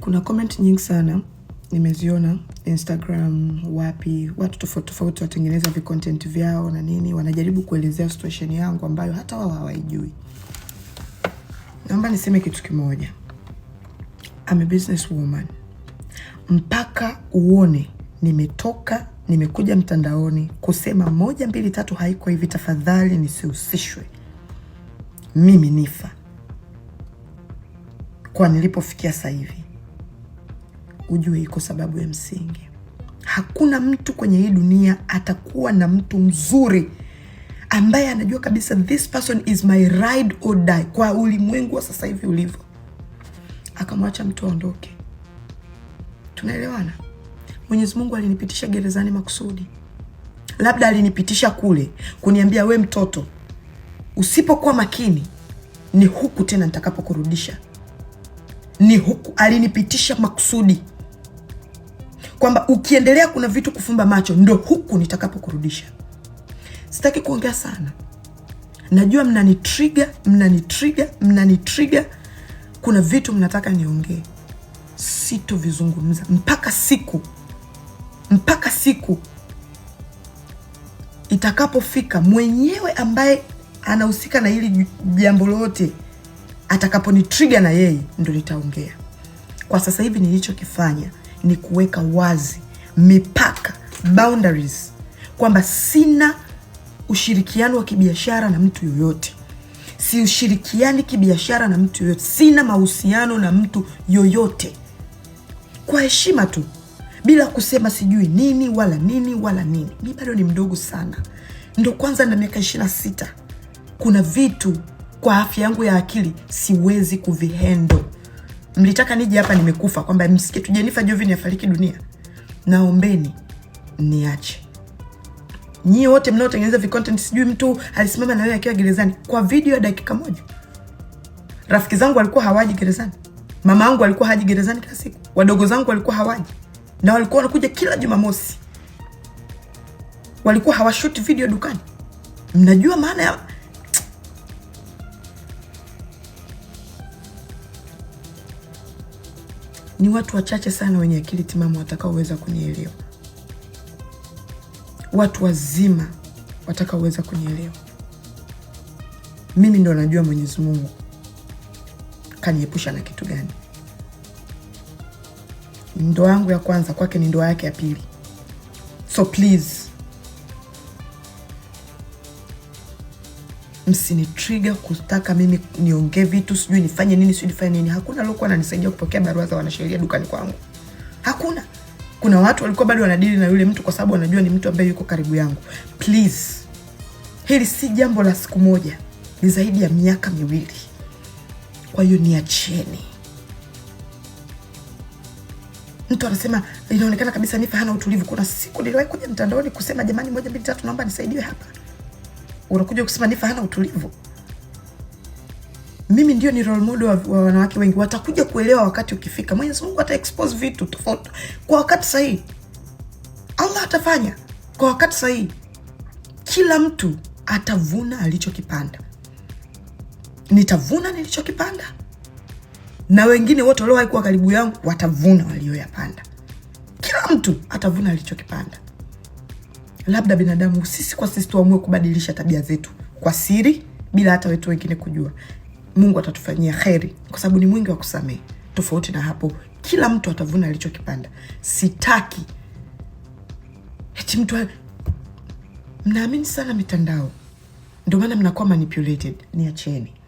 kuna comment nyingi sana nimeziona Instagram, wapi, watu tofauti tofauti watengeneza vikontent vyao na nini, wanajaribu kuelezea situation yangu ambayo hata wao hawaijui. Naomba niseme kitu kimoja, I'm a business woman. Mpaka uone nimetoka nimekuja mtandaoni kusema moja mbili tatu haiko hivi, tafadhali nisihusishwe, mimi nifa kwa nilipofikia sasa hivi, ujue iko sababu ya msingi. Hakuna mtu kwenye hii dunia atakuwa na mtu mzuri ambaye anajua kabisa this person is my ride or die, kwa ulimwengu wa sasa hivi ulivyo, akamwacha mtu aondoke. Tunaelewana? Mwenyezi Mungu alinipitisha gerezani makusudi, labda alinipitisha kule kuniambia, we mtoto, usipokuwa makini ni huku tena nitakapokurudisha ni huku, alinipitisha makusudi kwamba ukiendelea kuna vitu kufumba macho, ndo huku nitakapokurudisha. Sitaki kuongea sana, najua mnanitriga, mnanitriga, mnanitriga. Kuna vitu mnataka niongee, sitovizungumza mpaka siku mpaka siku itakapofika mwenyewe ambaye anahusika na hili jambo lote atakaponitriga na yeye ndo nitaongea. Kwa sasa hivi nilichokifanya ni kuweka wazi mipaka, boundaries, kwamba sina ushirikiano wa kibiashara na mtu yoyote, siushirikiani kibiashara na mtu yoyote, sina mahusiano na mtu yoyote, kwa heshima tu, bila kusema sijui nini wala nini wala nini. Mi bado ni mdogo sana, ndo kwanza na miaka 26 sita. Kuna vitu kwa afya yangu ya akili siwezi kuvihendo. Mlitaka niji hapa nimekufa kwamba msikie tu Jenifa Jovin afariki dunia? Naombeni niache. Nyie wote mnaotengeneza vicontent, sijui mtu alisimama na wewe akiwa gerezani kwa video ya dakika moja. Rafiki zangu walikuwa hawaji gerezani, mama angu alikuwa haji gerezani kila siku, wadogo zangu walikuwa hawaji, na walikuwa wanakuja kila Jumamosi, walikuwa hawashuti video dukani. Mnajua maana ya ni watu wachache sana wenye akili timamu watakaoweza kunielewa, watu wazima watakaoweza kunielewa. Mimi ndo najua Mwenyezi Mungu kaniepusha na kitu gani. Ndoa yangu ya kwanza kwake ni ndoa yake ya pili, so please msinitriga kutaka mimi niongee vitu sijui nifanye nini sijui nifanye nini. Hakuna aliokuwa ananisaidia kupokea barua za wanasheria dukani kwangu, hakuna. Kuna watu walikuwa bado wanadili na yule mtu kwa sababu wanajua ni mtu ambaye yuko karibu yangu. Please, hili si jambo la siku moja, ni zaidi ya miaka miwili. Kwa hiyo niacheni. Mtu anasema inaonekana kabisa Nifa hana utulivu. Kuna siku niliwahi kuja mtandaoni kusema jamani, moja mbili tatu, naomba nisaidiwe hapa unakuja kusema Nifa hana utulivu. Mimi ndio ni role model wa, wa wanawake wengi, watakuja kuelewa wakati ukifika. Mwenyezi Mungu ata expose vitu tofauti kwa wakati sahihi. Allah atafanya kwa wakati sahihi. Kila mtu atavuna alichokipanda. Nitavuna nilichokipanda na wengine wote waliowahi kuwa karibu yangu watavuna walioyapanda. Kila mtu atavuna alichokipanda labda binadamu sisi kwa sisi tuamue kubadilisha tabia zetu kwa siri, bila hata wetu wengine kujua. Mungu atatufanyia heri kwa sababu ni mwingi wa kusamehe. Tofauti na hapo, kila mtu atavuna alichokipanda. Sitaki eti mtu mnaamini sana mitandao, ndio maana mnakuwa manipulated. Niacheni.